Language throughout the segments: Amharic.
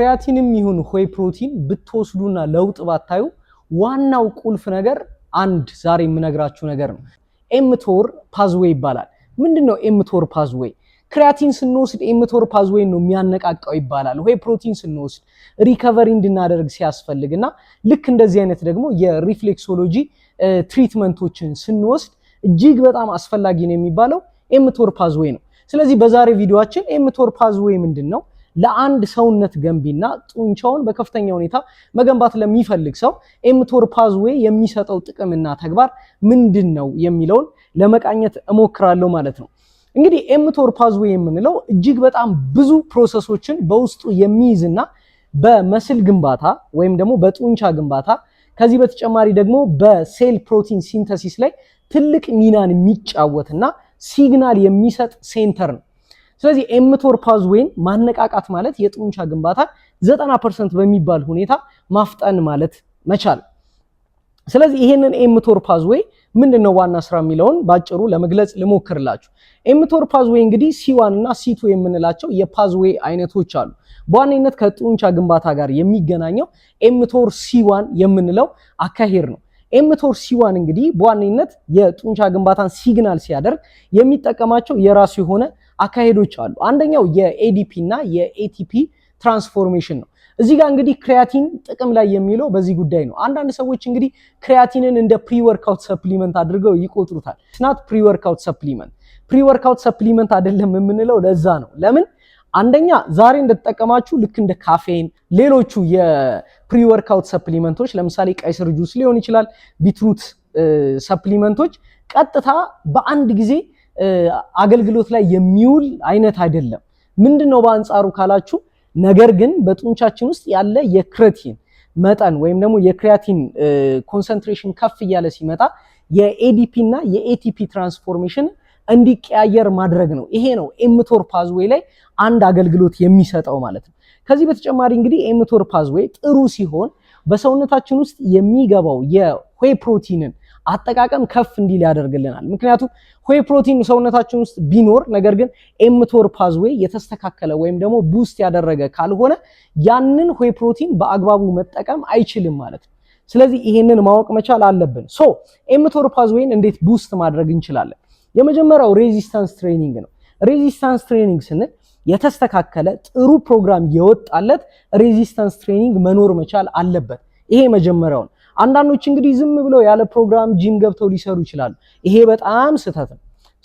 ክሪያቲንም ይሁን ሆይ ፕሮቲን ብትወስዱና ለውጥ ባታዩ ዋናው ቁልፍ ነገር አንድ ዛሬ የምነግራችሁ ነገር ነው። ኤምቶር ፓዝዌይ ይባላል። ምንድን ነው ኤምቶር ፓዝዌይ? ክሪያቲን ስንወስድ ኤምቶር ፓዝዌይ ነው የሚያነቃቃው ይባላል። ወይ ፕሮቲን ስንወስድ ሪከቨሪ እንድናደርግ ሲያስፈልግ እና ልክ እንደዚህ አይነት ደግሞ የሪፍሌክሶሎጂ ትሪትመንቶችን ስንወስድ እጅግ በጣም አስፈላጊ ነው የሚባለው ኤምቶር ፓዝዌይ ነው። ስለዚህ በዛሬ ቪዲዮችን ኤምቶር ፓዝዌይ ምንድን ነው ለአንድ ሰውነት ገንቢና ጡንቻውን በከፍተኛ ሁኔታ መገንባት ለሚፈልግ ሰው ኤምቶር ፓዝዌይ የሚሰጠው ጥቅምና ተግባር ምንድን ነው የሚለውን ለመቃኘት እሞክራለሁ ማለት ነው። እንግዲህ ኤምቶር ፓዝዌይ የምንለው እጅግ በጣም ብዙ ፕሮሰሶችን በውስጡ የሚይዝና በመስል ግንባታ ወይም ደግሞ በጡንቻ ግንባታ ከዚህ በተጨማሪ ደግሞ በሴል ፕሮቲን ሲንተሲስ ላይ ትልቅ ሚናን የሚጫወትና ሲግናል የሚሰጥ ሴንተር ነው። ስለዚህ ኤምቶር ፓዝዌይን ማነቃቃት ማለት የጡንቻ ግንባታ 90% በሚባል ሁኔታ ማፍጠን ማለት መቻል። ስለዚህ ይሄንን ኤምቶር ፓዝዌይ ምንድነው ዋና ስራ የሚለውን ባጭሩ ለመግለጽ ልሞክርላችሁ። ኤምቶር ፓዝዌይ እንግዲህ ሲዋን እና ሲቱ የምንላቸው የፓዝዌይ አይነቶች አሉ። በዋነኝነት ከጡንቻ ግንባታ ጋር የሚገናኘው ኤምቶር ሲዋን የምንለው አካሄድ ነው። ኤምቶር ሲዋን እንግዲህ በዋነኝነት የጡንቻ ግንባታን ሲግናል ሲያደርግ የሚጠቀማቸው የራሱ የሆነ አካሄዶች አሉ። አንደኛው የኤዲፒ እና የኤቲፒ ትራንስፎርሜሽን ነው። እዚህ ጋር እንግዲህ ክሪያቲን ጥቅም ላይ የሚለው በዚህ ጉዳይ ነው። አንዳንድ ሰዎች እንግዲህ ክሪያቲንን እንደ ፕሪወርካውት ሰፕሊመንት አድርገው ይቆጥሩታል። ስናት ፕሪወርካውት ሰፕሊመንት ፕሪወርካውት ሰፕሊመንት አይደለም የምንለው ለዛ ነው። ለምን አንደኛ ዛሬ እንደተጠቀማችሁ ልክ እንደ ካፌን፣ ሌሎቹ የፕሪወርካውት ሰፕሊመንቶች ለምሳሌ ቀይስር ጁስ ሊሆን ይችላል፣ ቢትሩት ሰፕሊመንቶች ቀጥታ በአንድ ጊዜ አገልግሎት ላይ የሚውል አይነት አይደለም። ምንድን ነው በአንጻሩ ካላችሁ፣ ነገር ግን በጡንቻችን ውስጥ ያለ የክሬቲን መጠን ወይም ደግሞ የክሪያቲን ኮንሰንትሬሽን ከፍ እያለ ሲመጣ የኤዲፒ እና የኤቲፒ ትራንስፎርሜሽን እንዲቀያየር ማድረግ ነው። ይሄ ነው ኤምቶር ፓዝዌይ ላይ አንድ አገልግሎት የሚሰጠው ማለት ነው። ከዚህ በተጨማሪ እንግዲህ ኤምቶር ፓዝዌይ ጥሩ ሲሆን በሰውነታችን ውስጥ የሚገባው የሆይ ፕሮቲንን አጠቃቀም ከፍ እንዲል ያደርግልናል። ምክንያቱም ሆይ ፕሮቲን ሰውነታችን ውስጥ ቢኖር ነገር ግን ኤምቶር ፓዝዌይ የተስተካከለ ወይም ደግሞ ቡስት ያደረገ ካልሆነ ያንን ሆይ ፕሮቲን በአግባቡ መጠቀም አይችልም ማለት ነው። ስለዚህ ይሄንን ማወቅ መቻል አለብን። ሶ ኤምቶር ፓዝዌይን እንዴት ቡስት ማድረግ እንችላለን? የመጀመሪያው ሬዚስታንስ ትሬኒንግ ነው። ሬዚስታንስ ትሬኒንግ ስንል የተስተካከለ ጥሩ ፕሮግራም የወጣለት ሬዚስታንስ ትሬኒንግ መኖር መቻል አለበት። ይሄ ነው። አንዳንዶች እንግዲህ ዝም ብለው ያለ ፕሮግራም ጂም ገብተው ሊሰሩ ይችላሉ። ይሄ በጣም ስህተት ነው።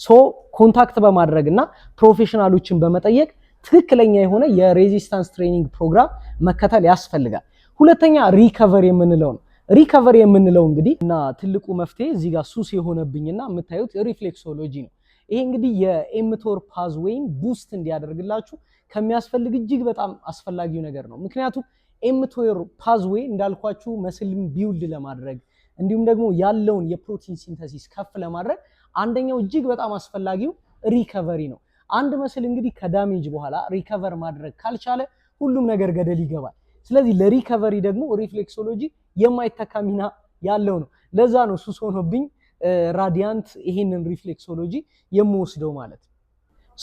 ሶ ኮንታክት በማድረግ እና ፕሮፌሽናሎችን በመጠየቅ ትክክለኛ የሆነ የሬዚስታንስ ትሬኒንግ ፕሮግራም መከተል ያስፈልጋል። ሁለተኛ ሪከቨር የምንለው ነው። ሪከቨር የምንለው እንግዲህ እና ትልቁ መፍትሄ እዚህ ጋር ሱስ የሆነብኝና የምታዩት ሪፍሌክሶሎጂ ነው። ይሄ እንግዲህ የኤምቶር ወይም ቡስት እንዲያደርግላችሁ ከሚያስፈልግ እጅግ በጣም አስፈላጊው ነገር ነው። ምክንያቱም ኤምቶር ፓዝዌይ እንዳልኳችሁ መስልም ቢውልድ ለማድረግ እንዲሁም ደግሞ ያለውን የፕሮቲን ሲንተሲስ ከፍ ለማድረግ አንደኛው እጅግ በጣም አስፈላጊው ሪከቨሪ ነው። አንድ መስል እንግዲህ ከዳሜጅ በኋላ ሪከቨር ማድረግ ካልቻለ ሁሉም ነገር ገደል ይገባል። ስለዚህ ለሪከቨሪ ደግሞ ሪፍሌክሶሎጂ የማይተካ ሚና ያለው ነው። ለዛ ነው ሱስ ሆኖብኝ ራዲያንት ይሄንን ሪፍሌክሶሎጂ የምወስደው ማለት ነው።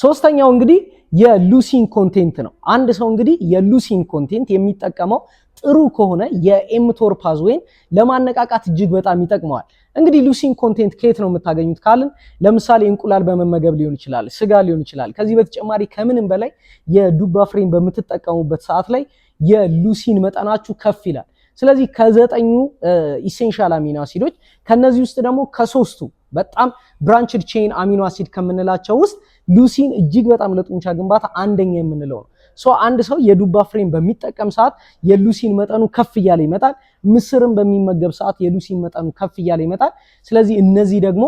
ሶስተኛው እንግዲህ የሉሲን ኮንቴንት ነው። አንድ ሰው እንግዲህ የሉሲን ኮንቴንት የሚጠቀመው ጥሩ ከሆነ የኤምቶር ፓዝዌን ለማነቃቃት እጅግ በጣም ይጠቅመዋል። እንግዲህ ሉሲን ኮንቴንት ከየት ነው የምታገኙት ካልን ለምሳሌ እንቁላል በመመገብ ሊሆን ይችላል፣ ስጋ ሊሆን ይችላል። ከዚህ በተጨማሪ ከምንም በላይ የዱባ ፍሬን በምትጠቀሙበት ሰዓት ላይ የሉሲን መጠናችሁ ከፍ ይላል። ስለዚህ ከዘጠኙ ኢሴንሻል አሚኖ አሲዶች ከነዚህ ውስጥ ደግሞ ከሶስቱ በጣም ብራንችድ ቼን አሚኖ አሲድ ከምንላቸው ውስጥ ሉሲን እጅግ በጣም ለጡንቻ ግንባታ አንደኛ የምንለው ነው። ሶ አንድ ሰው የዱባ ፍሬም በሚጠቀም ሰዓት የሉሲን መጠኑ ከፍ እያለ ይመጣል። ምስርም በሚመገብ ሰዓት የሉሲን መጠኑ ከፍ እያለ ይመጣል። ስለዚህ እነዚህ ደግሞ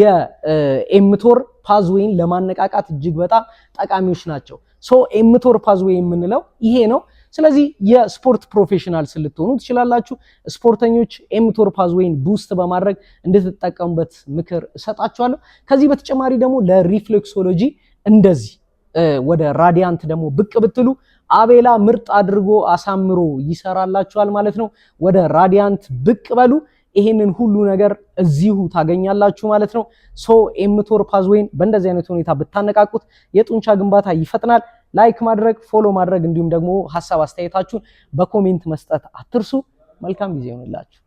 የኤምቶር ፓዝዌይን ለማነቃቃት እጅግ በጣም ጠቃሚዎች ናቸው። ሶ ኤምቶር ፓዝዌይ የምንለው ይሄ ነው። ስለዚህ የስፖርት ፕሮፌሽናልስ ልትሆኑ ትችላላችሁ። ስፖርተኞች ኤምቶር ፓዝዌይን ቡስት በማድረግ እንድትጠቀሙበት ምክር እሰጣችኋለሁ። ከዚህ በተጨማሪ ደግሞ ለሪፍሌክሶሎጂ እንደዚህ ወደ ራዲያንት ደግሞ ብቅ ብትሉ አቤላ ምርጥ አድርጎ አሳምሮ ይሰራላችኋል ማለት ነው። ወደ ራዲያንት ብቅ በሉ። ይሄንን ሁሉ ነገር እዚሁ ታገኛላችሁ ማለት ነው። ሶ ኤምቶር ፓዝዌይን በእንደዚህ አይነት ሁኔታ ብታነቃቁት የጡንቻ ግንባታ ይፈጥናል። ላይክ ማድረግ፣ ፎሎ ማድረግ እንዲሁም ደግሞ ሀሳብ አስተያየታችሁን በኮሜንት መስጠት አትርሱ። መልካም ጊዜ ይሆንላችሁ።